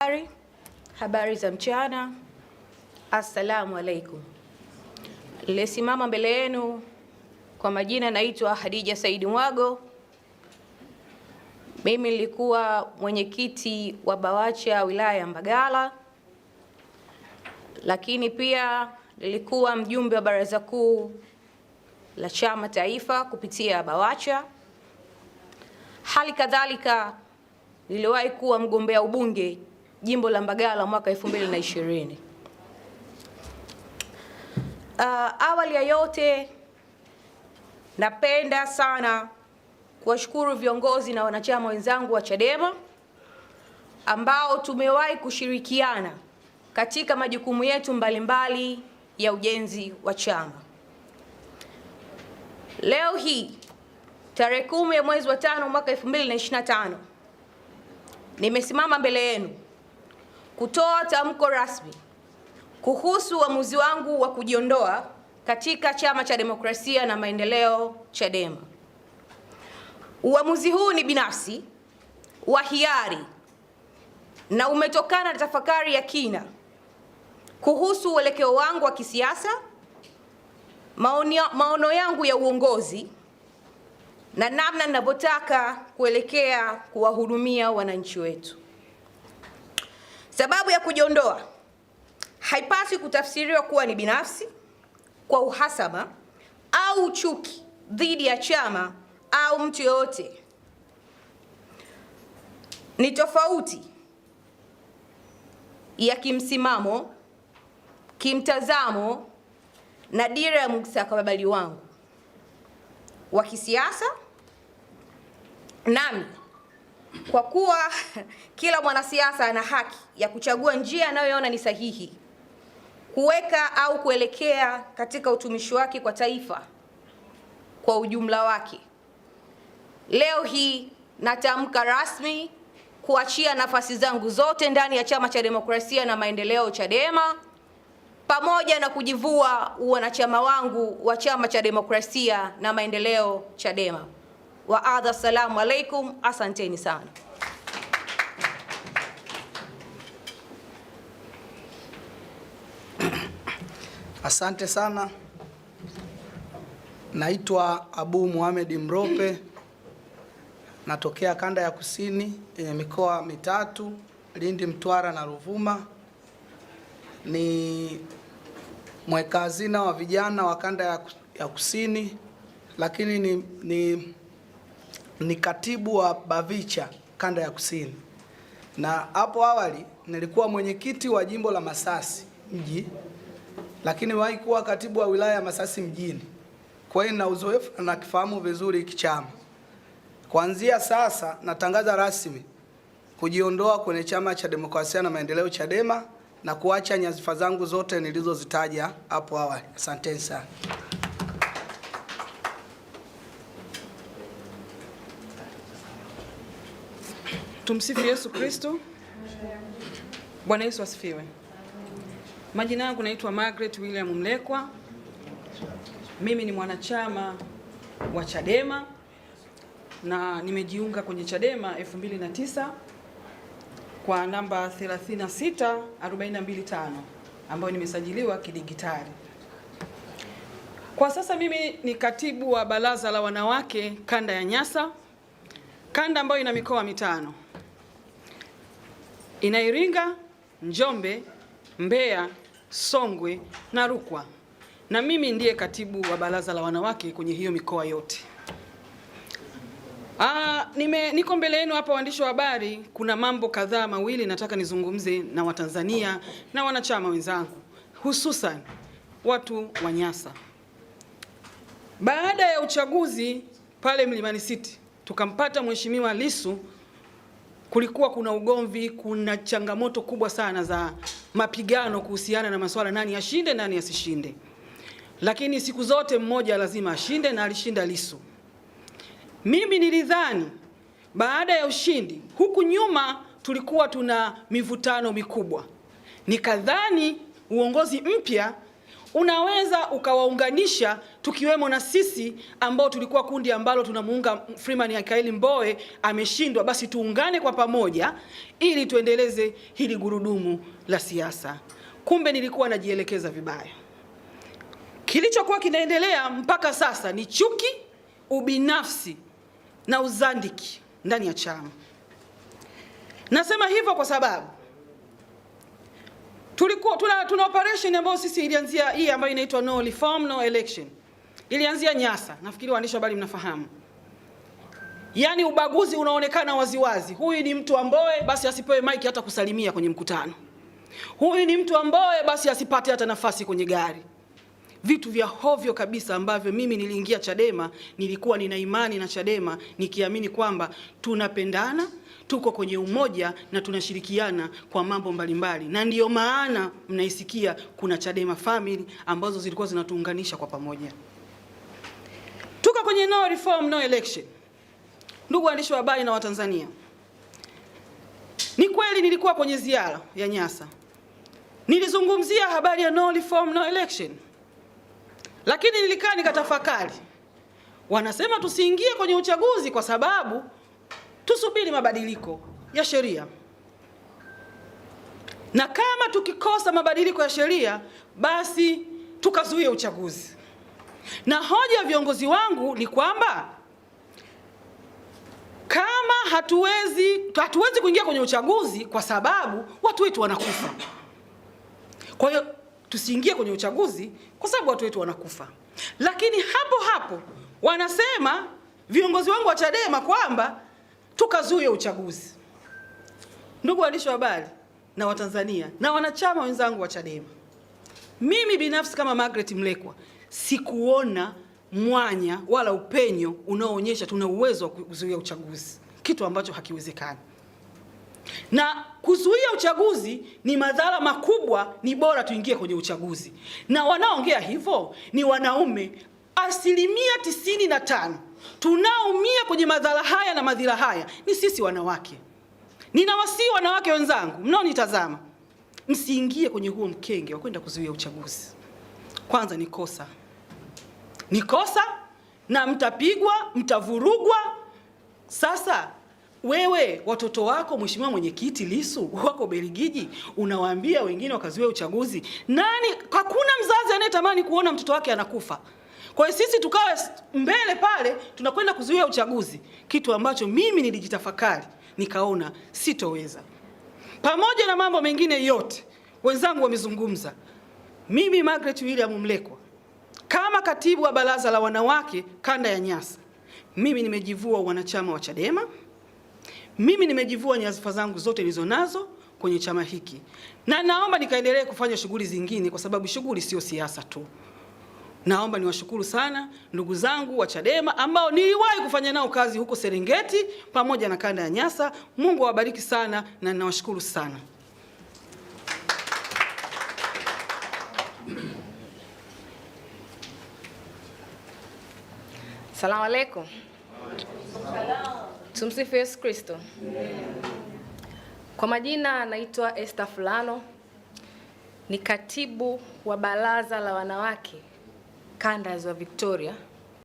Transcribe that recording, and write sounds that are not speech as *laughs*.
Habari, habari za mchana. Assalamu alaikum. Nilisimama mbele yenu kwa majina, naitwa Hadija Saidi Mwago. Mimi nilikuwa mwenyekiti wa BAWACHA wilaya ya Mbagala, lakini pia nilikuwa mjumbe wa baraza kuu la chama taifa kupitia BAWACHA. Hali kadhalika niliwahi kuwa mgombea ubunge jimbo la Mbagala mwaka 2020. Uh, ah, awali ya yote napenda sana kuwashukuru viongozi na wanachama wenzangu wa Chadema ambao tumewahi kushirikiana katika majukumu yetu mbalimbali mbali ya ujenzi wa chama. Leo hii tarehe kumi ya mwezi wa tano mwaka 2025 nimesimama mbele yenu kutoa tamko rasmi kuhusu uamuzi wa wangu wa kujiondoa katika Chama cha Demokrasia na Maendeleo Chadema. Uamuzi huu ni binafsi, wa hiari na umetokana na tafakari ya kina kuhusu uelekeo wangu wa kisiasa, maono yangu ya uongozi na namna ninavyotaka kuelekea kuwahudumia wananchi wetu. Sababu ya kujiondoa haipaswi kutafsiriwa kuwa ni binafsi, kwa uhasama au chuki dhidi ya chama au mtu yoyote. Ni tofauti ya kimsimamo, kimtazamo na dira ya mustakabali wangu wa kisiasa nami kwa kuwa kila mwanasiasa ana haki ya kuchagua njia anayoona ni sahihi kuweka au kuelekea katika utumishi wake kwa taifa kwa ujumla wake. Leo hii natamka rasmi kuachia nafasi zangu zote ndani ya Chama cha Demokrasia na Maendeleo Chadema, pamoja na kujivua uwanachama wangu wa Chama cha Demokrasia na Maendeleo Chadema wa adha. Assalamu alaikum, asanteni sana. Asante sana. Naitwa Abu Muhamed Mrope, natokea kanda ya kusini yenye mikoa mitatu Lindi, Mtwara na Ruvuma. Ni mweka hazina wa vijana wa kanda ya kusini, lakini ni, ni ni katibu wa Bavicha kanda ya kusini, na hapo awali nilikuwa mwenyekiti wa jimbo la Masasi mji, lakini wahi kuwa katibu wa wilaya ya Masasi mjini. Kwa hiyo na uzoefu na nakifahamu vizuri hiki chama. Kuanzia sasa natangaza rasmi kujiondoa kwenye chama cha demokrasia na maendeleo Chadema na kuacha nyadhifa zangu zote nilizozitaja hapo awali. Asanteni sana. Tumsifu Yesu Kristo. Bwana Yesu asifiwe. Majina yangu naitwa Margaret William Mlekwa. Mimi ni mwanachama wa Chadema na nimejiunga kwenye Chadema 2009 kwa namba 36425 ambayo nimesajiliwa kidigitali. Kwa sasa mimi ni katibu wa baraza la wanawake kanda ya Nyasa, kanda ambayo ina mikoa mitano ina Iringa, Njombe, Mbeya, Songwe na Rukwa, na mimi ndiye katibu wa baraza la wanawake kwenye hiyo mikoa yote. Ah, nime, niko mbele yenu hapa waandishi wa habari, kuna mambo kadhaa mawili nataka nizungumze na Watanzania na wanachama wenzangu, hususan watu wa Nyasa. Baada ya uchaguzi pale Mlimani City tukampata Mheshimiwa Lissu kulikuwa kuna ugomvi, kuna changamoto kubwa sana za mapigano kuhusiana na masuala nani ashinde nani asishinde, lakini siku zote mmoja lazima ashinde na alishinda Lissu. Mimi nilidhani baada ya ushindi, huku nyuma tulikuwa tuna mivutano mikubwa, nikadhani uongozi mpya unaweza ukawaunganisha, tukiwemo na sisi ambao tulikuwa kundi ambalo tunamuunga Freeman Aikaeli Mbowe, ameshindwa, basi tuungane kwa pamoja ili tuendeleze hili gurudumu la siasa. Kumbe nilikuwa najielekeza vibaya. Kilichokuwa kinaendelea mpaka sasa ni chuki, ubinafsi na uzandiki ndani ya chama. Nasema hivyo kwa sababu Tulikuwa tuna, tuna operation ambayo sisi ilianzia hii ambayo inaitwa no reform no election. Ilianzia Nyasa. Nafikiri waandishi habari mnafahamu. Yaani ubaguzi unaonekana waziwazi. Huyu ni mtu amboe basi asipewe mike hata kusalimia kwenye mkutano. Huyu ni mtu amboe basi asipate hata nafasi kwenye gari vitu vya hovyo kabisa ambavyo mimi niliingia Chadema, nilikuwa nina imani na Chadema nikiamini kwamba tunapendana, tuko kwenye umoja na tunashirikiana kwa mambo mbalimbali, na ndiyo maana mnaisikia kuna Chadema family ambazo zilikuwa zinatuunganisha kwa pamoja. Tuko kwenye no reform, no election. Ndugu waandishi wa habari na Watanzania, ni kweli nilikuwa kwenye ziara ya Nyasa, nilizungumzia habari ya no reform, no election lakini nilikaa nikatafakari, wanasema tusiingie kwenye uchaguzi kwa sababu tusubiri mabadiliko ya sheria, na kama tukikosa mabadiliko ya sheria basi tukazuia uchaguzi. Na hoja ya viongozi wangu ni kwamba kama hatuwezi hatuwezi kuingia kwenye uchaguzi kwa sababu watu wetu wanakufa. Kwa hiyo tusiingie kwenye uchaguzi kwa sababu watu wetu wanakufa. Lakini hapo hapo wanasema viongozi wangu wa Chadema kwamba tukazuie uchaguzi. Ndugu waandishi wa habari na Watanzania na wanachama wenzangu wa Chadema, mimi binafsi kama Margaret Mlekwa sikuona mwanya wala upenyo unaoonyesha tuna uwezo wa kuzuia uchaguzi, kitu ambacho hakiwezekani na kuzuia uchaguzi ni madhara makubwa, ni bora tuingie kwenye uchaguzi. Na wanaongea hivyo ni wanaume asilimia tisini na tano. Tunaumia kwenye madhara haya na madhira haya ni sisi wanawake. Ninawasihi wanawake wenzangu mnaonitazama, msiingie kwenye huo mkenge wa kwenda kuzuia uchaguzi. Kwanza ni kosa, ni kosa na mtapigwa, mtavurugwa. Sasa wewe watoto wako Mheshimiwa Mwenyekiti Lisu *laughs* wako Beligiji, unawaambia wengine wakazuia uchaguzi. Nani? Hakuna mzazi anayetamani kuona mtoto wake anakufa. Kwa hiyo sisi tukawe mbele pale, tunakwenda kuzuia uchaguzi, kitu ambacho mimi nilijitafakari nikaona sitoweza, pamoja na mambo mengine yote wenzangu wamezungumza. Mimi Margaret William Mlekwa, kama katibu wa baraza la wanawake kanda ya Nyasa, mimi nimejivua wanachama wa Chadema. Mimi nimejivua nyadhifa zangu zote nilizo nazo kwenye chama hiki na naomba nikaendelee kufanya shughuli zingine, kwa sababu shughuli sio siasa tu. Naomba niwashukuru sana ndugu zangu wa Chadema ambao niliwahi kufanya nao kazi huko Serengeti pamoja na kanda ya Nyasa. Mungu awabariki sana na ninawashukuru sana. Salamu alaykum. Tumsifu Yesu Kristo. Kwa majina naitwa Esther Fulano, ni katibu wa baraza la wanawake kanda ya Ziwa Victoria